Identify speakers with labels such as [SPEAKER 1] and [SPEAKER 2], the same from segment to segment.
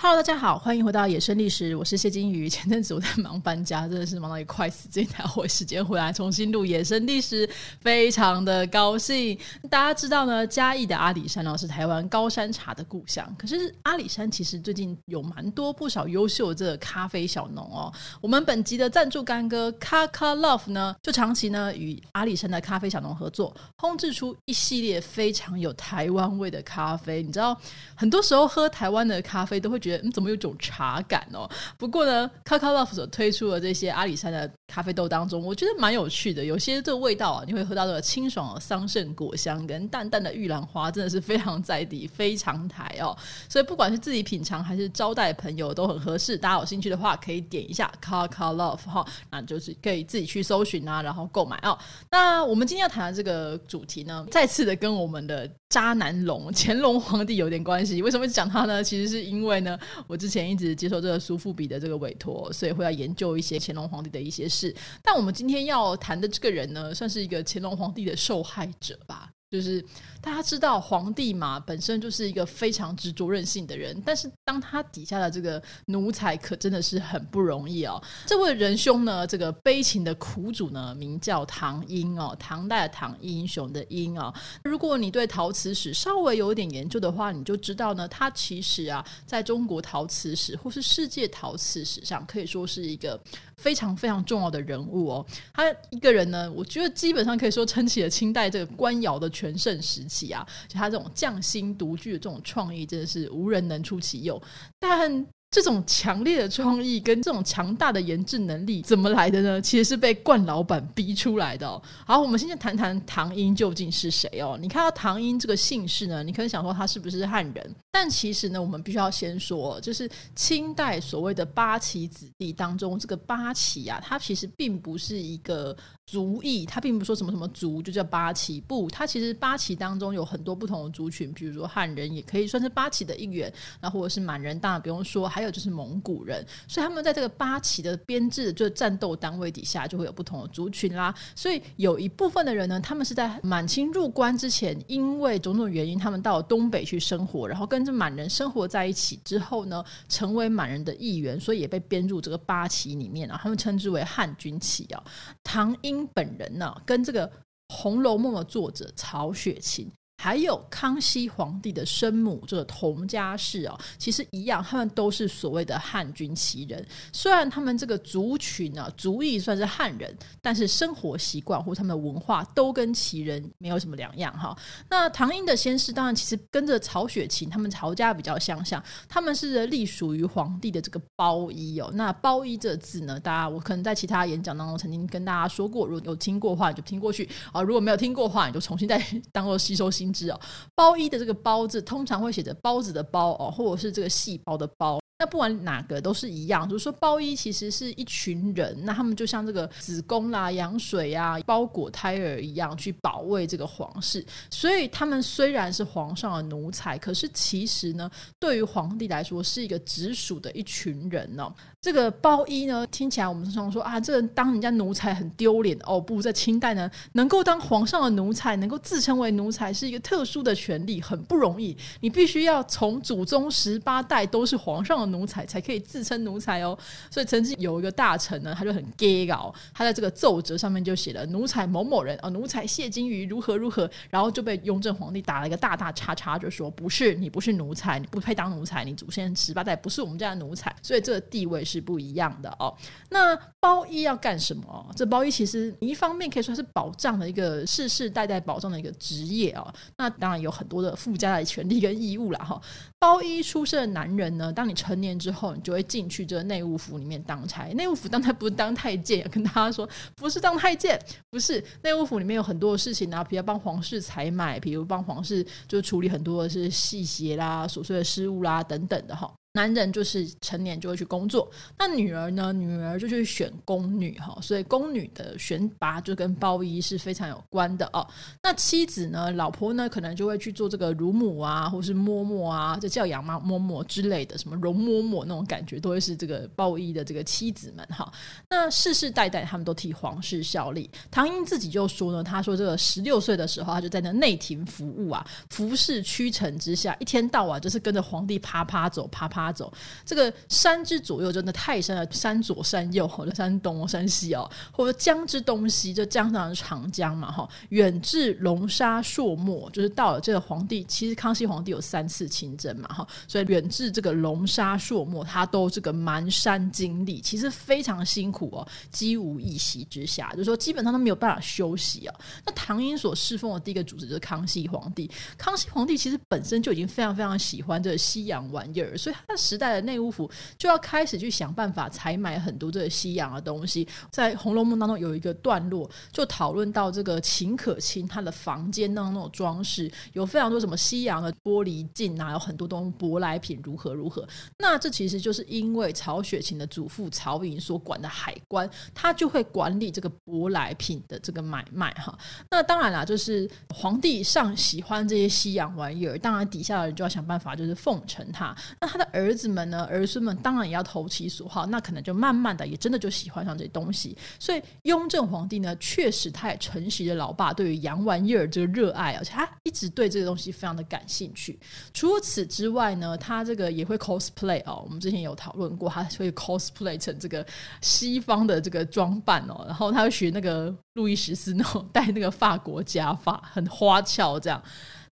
[SPEAKER 1] Hello，大家好，歡迎回到《野生歷史》，我是謝金魚。前陣子我在忙搬家，真的是忙到快死，這一台回時間回來重新錄《野生歷史》，非常的高興。大家知道呢，嘉義的阿里山呢是台灣高山茶的故鄉，可是阿里山其實最近有蠻多不少優秀的這個咖啡小農哦。我們本集的贊助乾哥卡卡 Love 呢，就長期呢與阿里山的咖啡小農合作，烹製出一系列非常有台灣味的咖啡。你知道，很多時候喝台灣的咖啡都會覺得。你、嗯、怎麼有種茶感哦？不過呢 kakalove 所推出的這些阿里山的。咖啡豆當中，我覺得蠻有趣的。有些這個味道啊，你會喝到這個清爽的桑葚果香跟淡淡的玉蘭花，真的是非常在地、非常台哦。所以不管是自己品嚐還是招待朋友都很合適。大家有興趣的話，可以點一下 kakalove 哈、哦，那就是可以自己去搜尋啊，然後購買哦。那我們今天要談的這個主題呢，再次的跟我們的渣男龍乾隆皇帝有點關係。為什麼講他呢？其實是因為呢，我之前一直接受這個蘇富比的這個委託，所以會要研究一些乾隆皇帝的一些事。是，但我們今天要談的這個人呢，算是一個乾隆皇帝的受害者吧。就是大家知道皇帝嘛，本身就是一個非常執着任性的人，但是當他底下的這個奴才可真的是很不容易哦。這位仁兄呢，這個悲情的苦主呢，名叫唐英哦，唐代的唐、英雄的英哦。如果你對陶瓷史稍微有點研究的話，你就知道呢，他其實啊，在中國陶瓷史或是世界陶瓷史上，可以說是一個非常非常重要的人物哦。他一個人呢，我覺得基本上可以說撐起了清代這個官窯的。全盛時期啊，就他這種匠心獨具的這種創意，真的是無人能出其右。但這種強烈的創意跟這種強大的研制能力，怎麼來的呢？其實是被冠老闆逼出來的喔。好，我們現在談談唐英究竟是誰哦？喔？你看到唐英這個姓氏呢，你可能想說他是不是漢人？但其實呢，我們必須要先說，就是清代所謂的八旗子弟當中，這個八旗啊，它其實並不是一個族裔，它並不是說什麼什麼族，就叫八旗部。它其實八旗當中有很多不同的族群，比如說漢人也可以算是八旗的一員，那或者是滿人當然不用說，還有就是蒙古人。所以他們在這個八旗的編制，就是戰鬥單位底下，就會有不同的族群啦。所以有一部分的人呢，他們是在滿清入關之前，因為種種原因，他們到東北去生活，然後跟跟着滿人生活在一起之後呢，成為滿人的一員，所以也被編入這個八旗裡面啊，他們稱之為漢軍旗啊。唐英本人呢、啊，跟這個《紅樓夢》的作者曹雪芹。還有康熙皇帝的生母，這個佟佳氏哦，其實一樣，他們都是所謂的漢軍旗人。雖然他們這個族群啊，族裔算是漢人，但是生活習慣或他們的文化都跟旗人沒有什麼兩樣哈。那唐英的先世當然其實跟着曹雪芹，他們曹家比較相像，他們是隸屬於皇帝的這個包衣哦。那包衣這個字呢，大家我可能在其他演講當中曾經跟大家說過，如果有聽過的話你就聽過去啊；如果沒有聽過的話，你就重新再當做吸收新。哦，包衣的這個包“包”字通常會寫着“包子”的“包”哦，或者是這個“細胞”的“胞”。那不管哪個都是一樣，就是說包衣其實是一群人，那他們就像這個子宮啦、啊、羊水呀、啊，包裹胎兒一樣，去保衛這個皇室。所以他們雖然是皇上的奴才，可是其實呢，對於皇帝來說是一個直屬的一群人呢、哦。這個包衣呢，聽起來我們常常說啊，這人當人家奴才很丟臉哦。不，在清代呢，能夠當皇上的奴才，能夠自稱為奴才，是一個特殊的權利，很不容易。你必須要從祖宗十八代都是皇上的奴才，才可以自稱奴才哦。所以曾經有一個大臣呢，他就很 gay 哦，他在這個奏折上面就寫了奴才某某人啊，奴才謝金魚如何如何，然後就被雍正皇帝打了一個大大叉叉，就說，不是，你不是奴才，你不配當奴才，你祖先十八代不是我們家的奴才，所以這個地位。是不一樣的哦。那包衣要幹什麼？這包衣其實一方面可以說是保障的一個世世代代保障的一個職業哦。那當然有很多的附加的權利跟義務啦、哦。哈。包衣出身的男人呢，當你成年之後，你就會進去這個內務府裡面當差。內務府當差不是當太監，要跟大家說不是當太監，不是內務府裡面有很多的事情啊，比如幫皇室採買，比如幫皇室就處理很多的是細節啦、瑣碎的事務啦等等的哈、哦。男人就是成年就會去工作，那女兒呢？女兒就去選宮女哈，所以宮女的選拔就跟包衣是非常有關的哦。那妻子呢？老婆呢？可能就會去做這個乳母啊，或是嬤嬤啊，就叫養媽嬤嬤之類的，什麼容嬤嬤那種感覺，都會是這個包衣的這個妻子們哈、哦。那世世代代他們都替皇室效力。唐英自己就說呢，他說這個十六歲的時候，他就在那內廷服務啊，服侍屈臣之下，一天到晚就是跟着皇帝趴趴走趴趴。趴趴走走這個山之左右真的太深了，山左山右，或者山東山西哦，或者江之東西，就江上長，長江嘛哈。遠至龍沙朔漠，就是到了這個皇帝，其實康熙皇帝有三次親征嘛哈，所以遠至這個龍沙朔漠，他都這個蠻山經歷，其實非常辛苦哦，幾無一席之下，就是說基本上都沒有辦法休息啊、哦。那唐英所侍奉的第一個主子就是康熙皇帝，康熙皇帝其實本身就已經非常非常喜歡這個西洋玩意兒，所以他時代的內務府就要開始去想辦法採買很多這個西洋的東西，在《紅樓夢》當中有一個段落，就討論到這個秦可卿他的房間那種那種裝飾，有非常多什麼西洋的玻璃鏡啊，有很多東西舶來品如何如何。那這其實就是因為曹雪芹的祖父曹寅所管的海關，他就會管理這個舶來品的這個買賣哈。那當然啦，就是皇帝上喜歡這些西洋玩意兒，當然底下的人就要想辦法就是奉承他。那他的兒。兒子們呢，兒孫們當然也要投其所好，那可能就慢慢的也真的就喜歡上這東西。所以雍正皇帝呢，確實他也承襲着老爸對於洋玩意兒這個熱愛，而且他一直對這個東西非常的感興趣。除此之外呢，他這個也會 cosplay 哦，我們之前有討論過，他會 cosplay 成這個西方的這個裝扮哦，然後他會學那個路易十四那種戴那個法國假髮，很花俏這樣。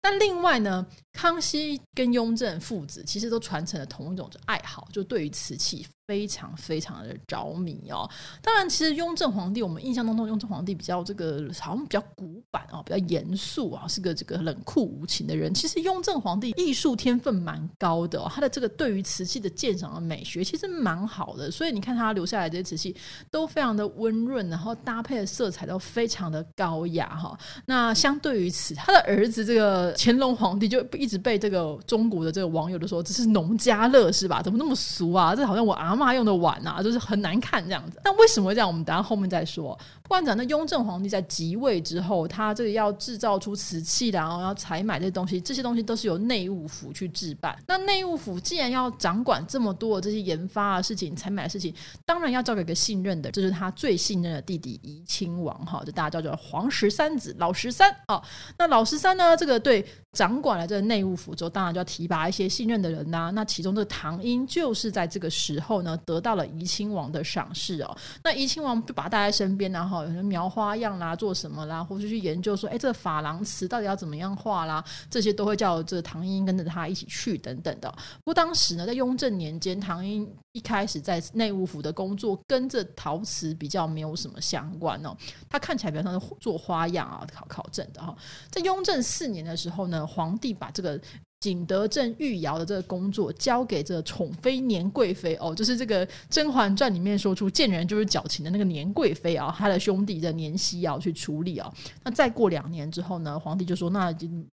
[SPEAKER 1] 但另外呢，康熙跟雍正父子其實都傳承了同一種愛好，就對於瓷器。非常非常的着迷哦。當然，其實雍正皇帝，我們印象當中雍正皇帝比較這個好像比較古板哦，比較嚴肅啊，是個這個冷酷無情的人。其實雍正皇帝藝術天分蠻高的哦，他的這個對於瓷器的鑑賞的美學其實蠻好的。所以你看他留下來這些瓷器都非常的溫潤，然後搭配的色彩都非常的高雅哈哦。那相對於此，他的兒子這個乾隆皇帝就一直被這個中國的這個網友都說這是農家樂是吧？怎麼那麼俗啊？這好像我啊。媽媽用的碗啊，就是很難看這樣子。那為什麼會這樣？我們等下後面再說。不管講，那雍正皇帝在即位之後，他這個要製造出瓷器然後要採買這些東西，這些東西都是由內務府去置辦。那內務府既然要掌管這麼多這些研發的事情、採買的事情，當然要交給個信任的，這、就是他最信任的弟弟怡親王哈，就大家叫做皇十三子老十三啊、哦。那老十三呢，這個對。掌管了這個內務府之後，當然就要提拔一些信任的人啦、啊。那其中這個唐英就是在這個時候呢，得到了怡親王的賞識哦。那怡親王就把他帶在身邊、啊，然、哦、後有人描花樣啦，做什麼啦，或是去,去研究說，哎，這個珐琅瓷到底要怎麼樣畫啦？這些都會叫這個唐英跟着他一起去等等的。不過當時呢，在雍正年間，唐英一開始在內務府的工作，跟這陶瓷比較沒有什麼相關哦。他看起來比較像是做花樣啊，考考證的哈、哦。在雍正四年的時候呢。皇帝把這個。景德鎮御窯的這個工作交給這寵妃年貴妃哦，就是這個《甄嬛傳》裡面說出賤人就是矯情的那個年貴妃哦，她的兄弟的年希堯去處理哦。那再過兩年之後呢，皇帝就說：“那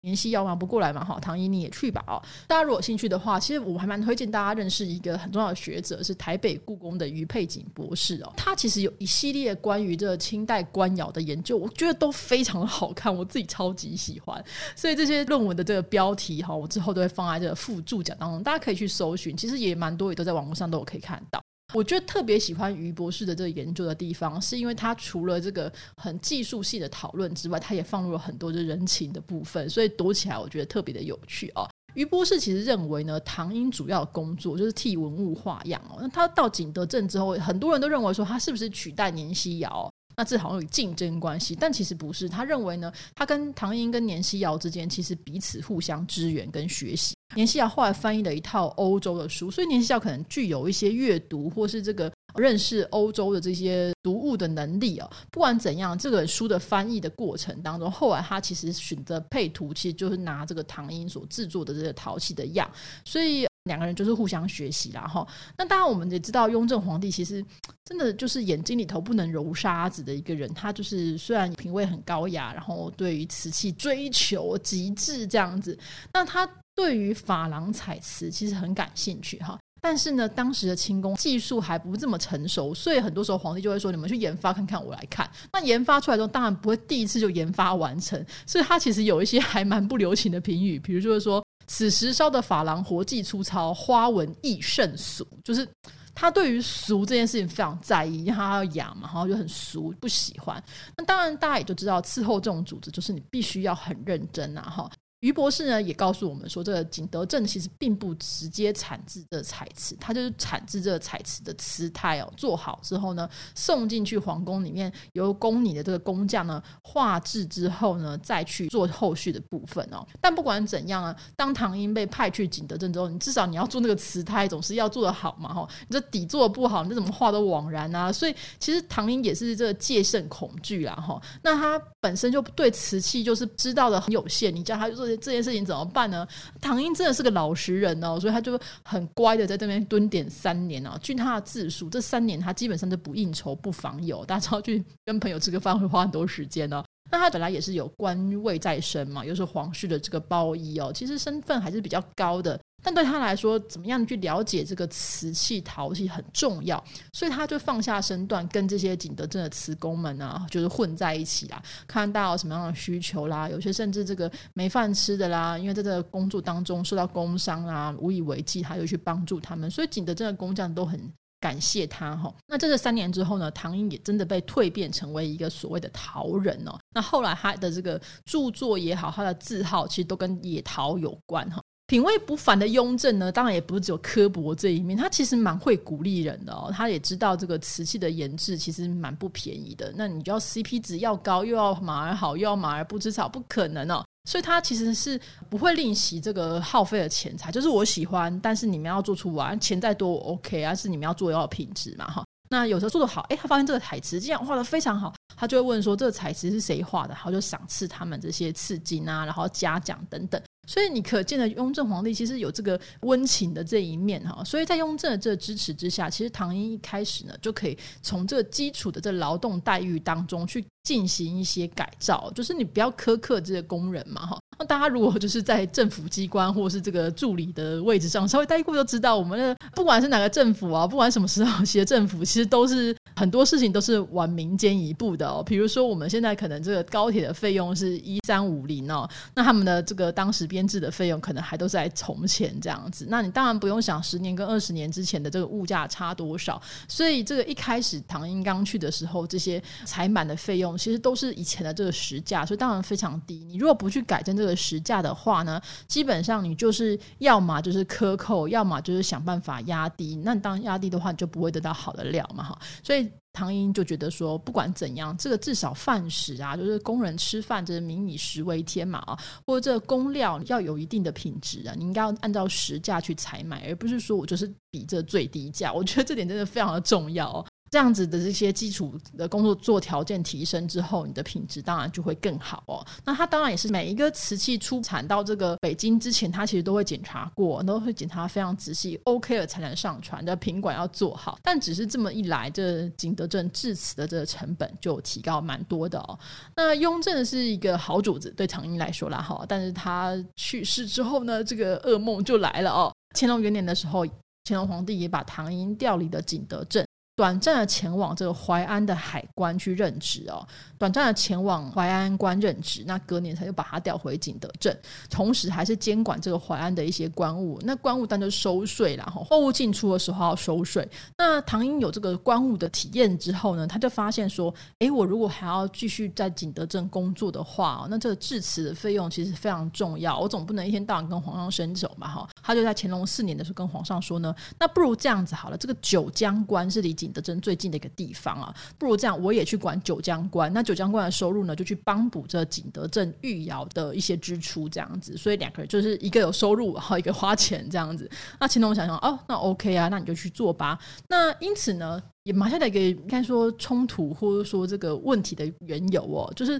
[SPEAKER 1] 年希堯忙不過來嘛，好，唐英你也去吧。”哦，大家如果有興趣的話，其實我還蠻推薦大家認識一個很重要的學者，是台北故宮的余佩瑾博士哦。他其實有一系列關於這個清代官窯的研究，我覺得都非常好看，我自己超級喜歡。所以這些論文的這個標題哈、哦，我。之後都會放在這個附註腳當中，大家可以去搜尋。其實也蠻多，也都在網絡上都有可以看到。我覺得特別喜歡余博士的這個研究的地方，是因為他除了這個很技術性的討論之外，他也放入了很多的人情的部分，所以讀起來我覺得特別的有趣哦。余博士其實認為呢，唐英主要的工作就是替文物畫樣哦。那他到景德鎮之後，很多人都認為說他是不是取代年希堯？那這好像有競爭關係，但其實不是。他認為呢，他跟唐英跟年希堯之間其實彼此互相支援跟學習。年希堯後來翻譯了一套歐洲的書，所以年希堯可能具有一些閱讀或是這個、啊、認識歐洲的這些讀物的能力哦、啊，不管怎樣，這個書的翻譯的過程當中，後來他其實選擇配圖，其實就是拿這個唐英所製作的這個陶器的樣，所以。兩個人就是互相學習，然後那當然，我們也知道，雍正皇帝其實真的就是眼睛裡頭不能揉沙子的一個人。他就是雖然品味很高雅，然後對於瓷器追求極致這樣子。那他對於珐琅彩瓷其實很感興趣哈。但是呢，當時的清宮技術還不這麼成熟，所以很多時候皇帝就會說：“你們去研發看看，我來看。”那研發出來之後，當然不會第一次就研發完成，所以他其實有一些還蠻不留情的評語，比如就是說。此時燒的珐琅活計粗糙，花紋亦甚俗。就是他對於俗這件事情非常在意，因為他要雅嘛，然後就很俗，不喜歡。那當然，大家也就知道，伺候這種組織就是你必須要很認真啊！哈。余博士呢也告訴我們說，這個景德鎮其實並不直接產製這彩瓷，它就是產製這個彩瓷的瓷胎哦。做好之後呢，送進去皇宮裡面，由宮裡的這個工匠呢畫制之後呢，再去做後續的部分哦。但不管怎樣呢，當唐英被派去景德鎮之後，你至少你要做那個瓷胎，總是要做得好嘛，哦、你這底做的不好，你這怎麼畫都枉然啊。所以其實唐英也是這個戒慎恐懼啊，哦。那他本身就對瓷器就是知道的很有限，你叫他去做，是。這件事情怎麼辦呢？唐英真的是個老實人哦，所以他就很乖的在這邊蹲點三年哦。據他的自述，這三年他基本上都不應酬、不訪友，大家要去跟朋友吃個飯會花很多時間哦。那他本來也是有官位在身嘛，又是皇室的這個包衣哦、喔，其實身份還是比較高的。但對他來說，怎麼樣去了解這個瓷器陶器很重要，所以他就放下身段，跟這些景德鎮的瓷工們啊，就是混在一起啦，看到什麼樣的需求啦。有些甚至這個沒飯吃的啦，因為在這個工作當中受到工傷啊，無以為繼，他就去幫助他們。所以景德鎮的工匠都很。感謝他哈、哦，那這三年之後呢，唐英也真的被蛻變成為一個所謂的陶人哦。那後來他的這個著作也好，他的字號其實都跟野陶有關哈、哦。品味不凡的雍正呢，當然也不是只有刻薄這一面，他其實蠻會鼓勵人的哦。他也知道這個瓷器的研制其實蠻不便宜的，那你就要 CP 值要高，又要馬兒好，又要馬兒不吃草，不可能哦。所以他其實是不會吝惜，這個耗費的錢財，就是我喜歡，但是你們要做出完，錢再多我 OK 啊，是你們要做要品質嘛哈。那有時候做得好，誒、欸，他發現這個彩瓷，這樣畫的非常好，他就會問說這個彩瓷是誰畫的，然後就賞賜他們這些刺金啊，然後嘉獎等等。所以你可見的雍正皇帝其實有這個溫情的這一面哈，所以在雍正的這個支持之下，其實唐英一開始呢，就可以從這個基礎的這個勞動待遇當中去進行一些改造，就是你不要苛刻這些工人嘛哈。那大家如果就是在政府機關或是這個助理的位置上稍微待過，就知道我們的不管是哪個政府啊，不管什麼時候其實政府，其實都是。很多事情都是晚民間一步的哦，比如說我們現在可能這個高鐵的費用是一三五零哦，那他們的這個當時編製的費用可能還都是在從前這樣子，那你當然不用想十年跟二十年之前的這個物價差多少，所以這個一開始唐英剛去的時候，這些採買的費用其實都是以前的這個時價，所以當然非常低。你如果不去改正這個時價的話呢，基本上你就是要麼就是克扣，要麼就是想辦法壓低。那你當壓低的話，你就不會得到好的料嘛哈，所以。唐英就覺得說，不管怎樣，這個至少飯食啊，就是工人吃飯，就是民以食為天嘛啊，或者這個工料要有一定的品質啊，你應該要按照實價去採買，而不是說我就是比這最低價。我覺得這點真的非常的重要。這樣子的這些基礎的工作做條件提升之後，你的品質當然就會更好哦。那他當然也是每一個瓷器出產到這個北京之前，他其實都會檢查過，都會檢查非常仔細，OK 了才能上船，這品管要做好，但只是這麼一來，這景德鎮制瓷的這個成本就提高蠻多的哦。那雍正是一個好主子，對唐英來說啦哈，但是他去世之後呢，這個噩夢就來了哦。乾隆元年的時候，乾隆皇帝也把唐英調離了景德鎮。短暫的前往這個淮安，的海關去任職哦，短暫的前往淮安關任職，那隔年他就把他調回景德鎮，同時還是監管這個淮安的一些關務。那關務單就收稅啦，貨物進出的時候要收稅。那唐英有這個關務的體驗之後呢，他就發現說，哎，我如果還要繼續在景德鎮工作的話，那這個製瓷的費用其實非常重要，我總不能一天到晚跟皇上伸手嘛哈。他就在乾隆四年的時候跟皇上說呢，那不如這樣子好了，這個九江關是離景德鎮最近的一個地方啊，不如這樣，我也去管九江關。那九江關的收入呢，就去幫補這景德鎮御窯的一些支出這樣子。所以兩個人就是一個有收入，然後一個花錢這樣子。那其中我想想哦，那 OK 啊，那你就去做吧。那因此呢，也埋下了一個應該說衝突或者說這個問題的緣由哦、喔。就是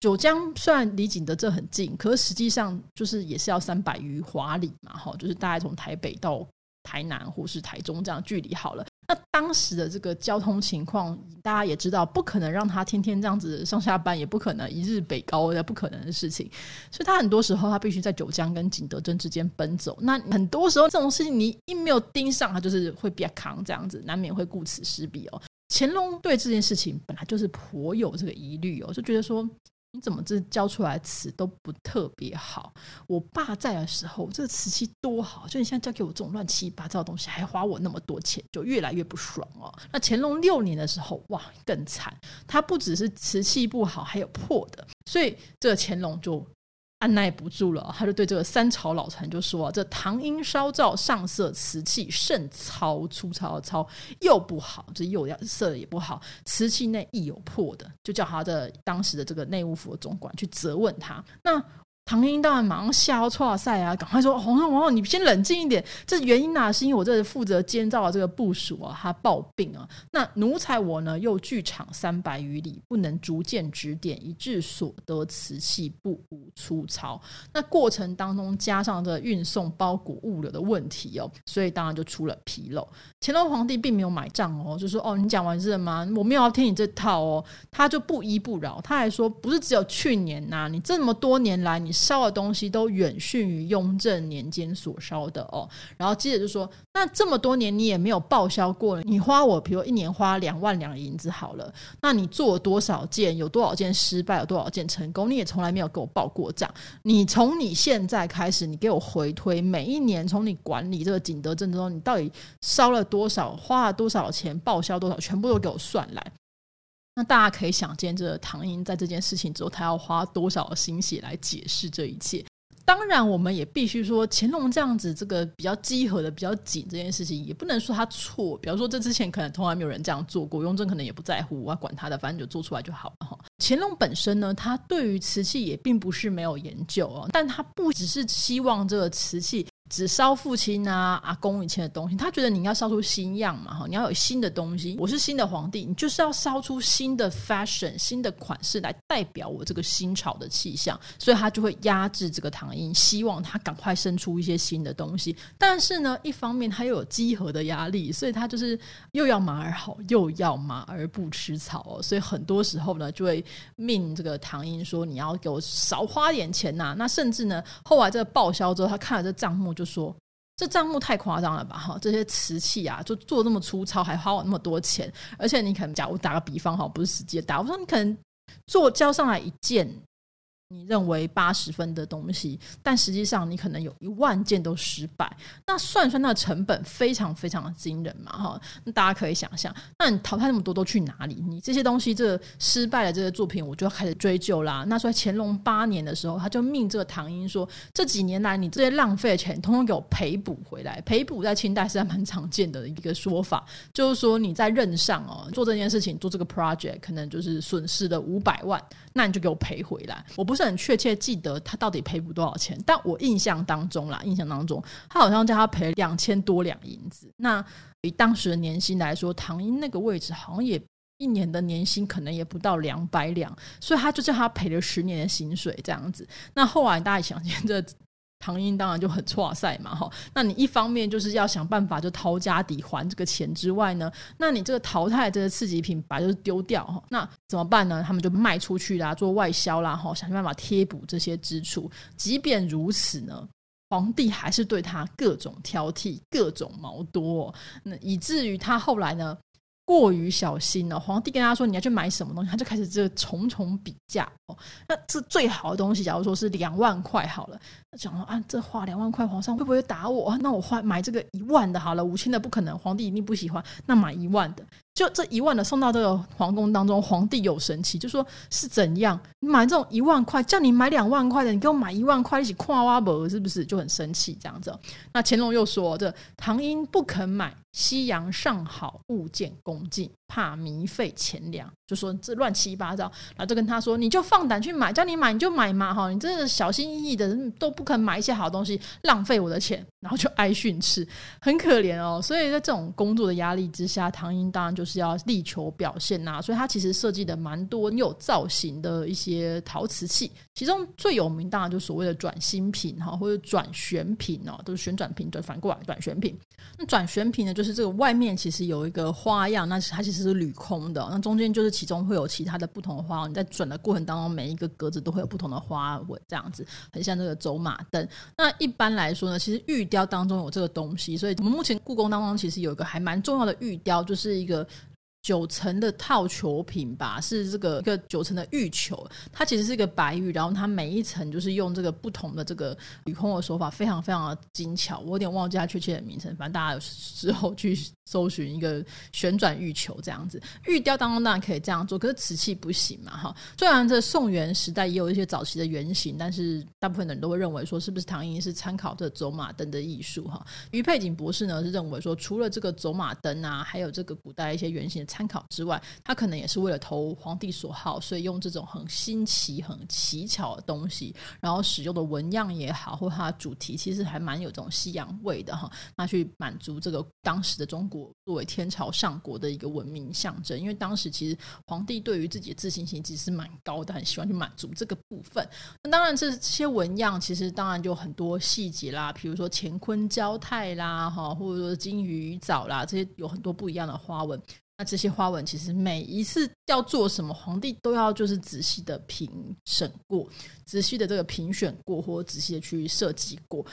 [SPEAKER 1] 九江雖然離景德鎮很近，可是實際上就是也是要三百餘華里嘛，哈，就是大概從台北到台南或是台中這樣距離好了。那當時的這個交通情況，大家也知道，不可能讓他天天這樣子上下班，也不可能一日北高，的不可能的事情。所以他很多時候，他必須在九江跟景德鎮之間奔走。那很多時候這種事情，你一沒有盯上，他就是會比較扛這樣子，難免會顧此失彼哦。乾隆對這件事情本來就是頗有這個疑慮哦，就覺得說。你怎麼這交出來瓷都不特別好？我爸在的時候，這個瓷器多好，就你現在交給我這種亂七八糟的東西，還花我那麼多錢，就越來越不爽哦。那乾隆六年的時候，哇，更慘，他不只是瓷器不好，還有破的，所以這個乾隆就。按捺不住了，他就對這個三朝老臣就說：“這唐英燒造上色瓷器甚糙粗糙糙又不好，這釉料色也不好，瓷器內亦有破的。”就叫他的當時的這個內務府總管去責問他。那。唐英當然馬上下詔撤賽啊，趕快說，皇上，皇上，你先冷靜一點。這原因啊，是因為我這負責監造的這個部署啊，他暴病啊。那奴才我呢，又距廠三百餘里，不能逐漸指點，以致所得瓷器不無粗糙。那過程當中加上這運送包裹物流的問題哦，所以當然就出了紕漏。乾隆皇帝並沒有買賬哦，就說哦，你講完事了嗎？我沒有要聽你這套哦。他就不依不饒，他還說不是只有去年吶、啊，你這麼多年來你。燒的東西都遠遜於雍正年間所燒的哦。然後記者就說：“那這麼多年你也沒有報銷過你，你花我，譬如說一年花兩萬兩銀子好了。那你做了多少件，有多少件失敗，有多少件成功，你也從來沒有給我報過賬。你從你現在開始，你給我回推，每一年從你管理這個景德鎮之後，你到底燒了多少，花了多少錢，報銷多少，全部都給我算來。”那大家可以想見，這個唐英在這件事情之後，他要花多少心血來解釋這一切。當然，我們也必須說，乾隆這樣子，這個比較集合的比較緊，這件事情也不能說他錯。比方說，這之前可能從來沒有人這樣做過，雍正可能也不在乎，我要管他的，反正就做出來就好了。乾隆本身呢，他對於瓷器也並不是沒有研究哦，但他不只是希望這個瓷器。只燒父親啊、阿公以前的東西，他覺得你要燒出新樣嘛，哈，你要有新的東西。我是新的皇帝，你就是要燒出新的 fashion、新的款式來代表我這個新朝的氣象，所以他就會壓制這個唐英，希望他趕快生出一些新的東西。但是呢，一方面他又有稽核的壓力，所以他就是又要馬兒好，又要馬兒不吃草哦。所以很多時候呢，就會命這個唐英說：“你要給我少花點錢吶、啊。”那甚至呢，後來這個報銷之後，他看了這賬目。就說這賬目太誇張了吧？哈，這些瓷器啊，就做這麼粗糙，還花我那麼多錢？而且你可能，假如我打個比方哈，不是實際的打，我說你可能做交上來一件，你認為八十分的東西，但實際上你可能有一萬件都失敗，那算算，那成本非常非常的驚人嘛，哈，那大家可以想象。那你淘汰那麼多都去哪裡？你這些東西這失敗的這些作品，我就要開始追究啦，啊。那在乾隆八年的時候，他就命這個唐英說：這幾年來你這些浪費的錢，通通給我賠補回來。賠補在清代是還蠻常見的一個說法，就是說你在任上哦做這件事情做這個 project，可能就是損失了五百萬，那你就給我賠回來。我不是。很確切記得他到底賠多少錢，但我印象當中啦，印象當中他好像叫他賠兩千多兩銀子。那以當時的年薪來說，唐英那個位置好像也一年的年薪可能也不到兩百兩，所以他就叫他賠了十年的薪水這樣子。那後來大家也想見這。唐英當然就很挫賽嘛，哈，那你一方面就是要想辦法就掏家底還這個錢之外呢，那你這個淘汰的這個次級品把就丟掉哈，那怎麼辦呢？他們就賣出去啦，做外銷啦，哈，想想辦法貼補這些支出。即便如此呢，皇帝還是對他各種挑剔，各種毛多，那以至於他後來呢。過於小心了哦，皇帝跟他說，你要去買什麼東西，他就開始這重重比價哦。那這最好的東西，假如說是兩萬塊好了，他講了啊，這花兩萬塊，皇上會不會打我？啊，那我換買這個一萬的好了，五千的不可能，皇帝一定不喜歡。那買一萬的。就這一萬的送到這個皇宮當中，皇帝有神奇，就說是怎樣？你買這種一萬塊，叫你買兩萬塊的，你給我買一萬塊一起誇哇博，是不是就很神奇這樣子？那乾隆又說，這唐英不肯買西洋上好物件恭敬，怕糜費錢糧，就說這亂七八糟，然後就跟他說：“你就放膽去買，叫你買你就買嘛，哈，你真的小心翼翼的都不肯買一些好東西，浪費我的錢。”然後就挨訓斥，很可憐哦。所以在這種工作的壓力之下，唐英當然就是要力求表現吶、啊。所以他其實設計的蠻多，有造型的一些陶瓷器，其中最有名當然就是所謂的轉心瓶哈，或者轉旋瓶哦，都、就是旋轉瓶，轉反過來轉旋瓶。那轉旋瓶呢，就是這個外面其實有一個花樣，那它其實。是鏤空的，那中間就是其中會有其他的不同的花。你在轉的過程當中，每一個格子都會有不同的花紋，這樣子很像這個走馬燈。那一般來說呢，其實玉雕當中有這個東西，所以我們目前故宮當中其實有一個還蠻重要的玉雕，就是一個。九層的套球品吧，是這個一個九層的玉球，它其實是一個白玉，然後它每一層就是用這個不同的這個鏤空的手法，非常非常的精巧。我有點忘記它確切的名稱，反正大家有時候去搜尋一個旋轉玉球這樣子。玉雕當中當然可以這樣做，可是瓷器不行嘛哈。雖然這宋元時代也有一些早期的原型，但是大部分的人都會認為說，是不是唐英是參考這個走馬燈的藝術哈？余佩瑾博士呢是認為說，除了這個走馬燈啊，還有這個古代一些原型，參考之外，他可能也是為了投皇帝所好，所以用這種很新奇、很奇巧的東西，然後使用的紋樣也好，或它的主題，其實還蠻有這種西洋味的哈。那去滿足這個當時的中國作為天朝上國的一個文明象徵，因為當時其實皇帝對於自己的自信心其實是蠻高的，很喜歡去滿足這個部分。那當然，這些紋樣其實當然就很多細節啦，比如說乾坤交泰啦，哈，或者說金魚藻啦，這些有很多不一樣的花紋。那這些花紋其實每一次要做什麼，皇帝都要就是仔細的評審過，仔細的這個評選過，或者仔細的去設計過。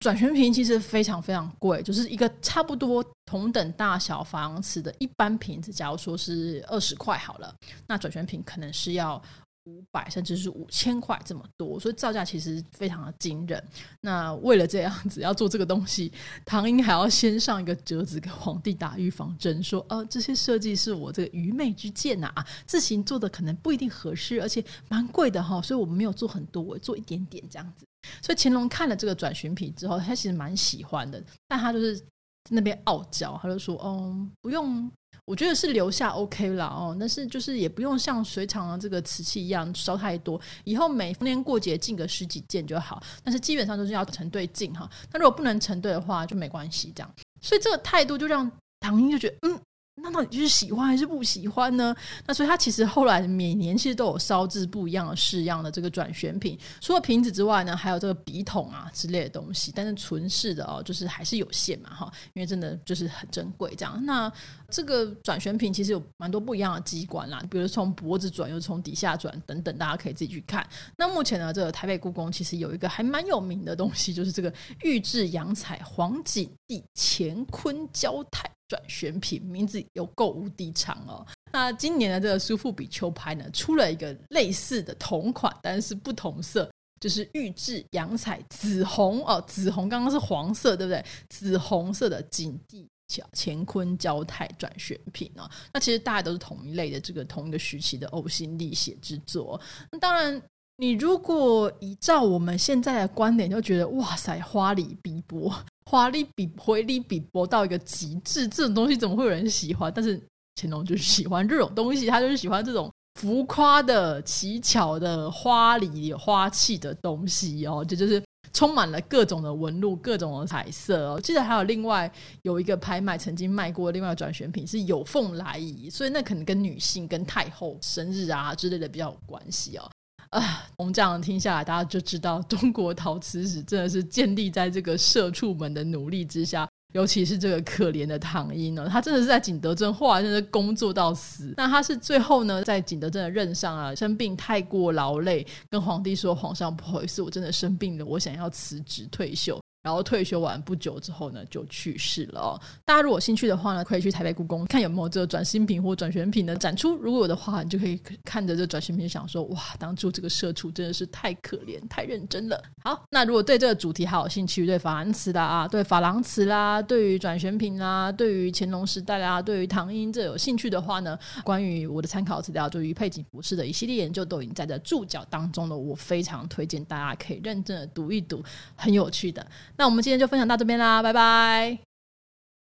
[SPEAKER 1] 轉心瓶其實非常非常貴，就是一個差不多同等大小琺瑯瓷的一般瓶子，假如說是二十塊好了，那轉心瓶可能是要。五百甚至是五千塊這麼多，所以造價其實非常的驚人。那為了這樣子要做這個東西，唐英還要先上一個折子給皇帝打預防針，說：“哦、呃，這些設計是我這個愚昧之見吶、啊，自行做的可能不一定合適，而且蠻貴的哈，所以我們沒有做很多，我做一點點這樣子。”所以乾隆看了這個轉心瓶之後，他其實蠻喜歡的，但他就是。在那邊傲嬌，他就說：“哦，不用，我覺得是留下 OK 了哦。但是就是也不用像水廠的這個瓷器一樣燒太多，以後每逢年過節進個十幾件就好。但是基本上就是要成對進哈。那如果不能成對的話就沒關係，這樣。所以這個態度就讓唐英就覺得嗯。”那到底就是喜歡還是不喜歡呢？那所以他其實後來每年其實都有燒製不一樣的式樣的這個轉旋瓶，除了瓶子之外呢，還有這個筆筒啊之類的東西，但是存世的哦，就是還是有限嘛，哈，因為真的就是很珍貴這樣。那這個轉旋瓶其實有蠻多不一樣的機關啦，比如從脖子轉，又從底下轉等等，大家可以自己去看。那目前呢，這個台北故宮其實有一個還蠻有名的東西，就是這個玉質洋彩黃錦地乾坤交泰。轉心瓶名字有夠無敵長哦。那今年的這個蘇富比秋拍呢，出了一個類似的同款，但是不同色，就是玉質陽彩紫紅哦，紫紅剛剛是黃色，對不對？紫紅色的景地乾坤交泰轉心瓶哦。那其實大家都是同一類的，這個同一個時期的嘔心瀝血之作。那當然，你如果依照我們現在的觀點，就覺得哇塞，花裡逼波。華麗比回力比搏到一個極致，這種東西怎麼會有人喜歡？但是乾隆就是喜歡這種東西，他就是喜歡這種浮誇的、奇巧的、花裡花氣的東西哦，這就是充滿了各種的紋路、各種的彩色。哦，記得還有另外有一個拍賣，曾經賣過的另外一個轉心瓶，是有鳳來儀，所以那可能跟女性、跟太后生日啊之類的比較有關係哦。啊、呃，我們這樣聽下來，大家就知道中國陶瓷史真的是建立在這個社畜們的努力之下，尤其是這個可憐的唐英呢、哦，他真的是在景德鎮後來真的是工作到死。那他是最後呢，在景德鎮的任上啊，生病太過勞累，跟皇帝說：“皇上，不好意思，我真的生病了，我想要辭職退休。”然後退休完不久之後呢，就去世了，哦。大家如果有興趣的話呢，可以去台北故宮看有沒有這個轉心瓶或轉心瓶的展出？如果有的話，你就可以看着這個轉心瓶，想說：“哇，當初這個社畜真的是太可憐，太認真了。”好，那如果對這個主題還有興趣，對琺瑯瓷啦，啊，對琺瑯瓷啦，對於轉心瓶啦，對於乾隆時代啊，對於唐英這有興趣的話呢，關於我的參考資料，對於佩瑾博士的一系列研究都已經在這注腳當中了。我非常推薦大家可以認真的讀一讀，很有趣的。那我們今天就分享到這邊啦，拜拜。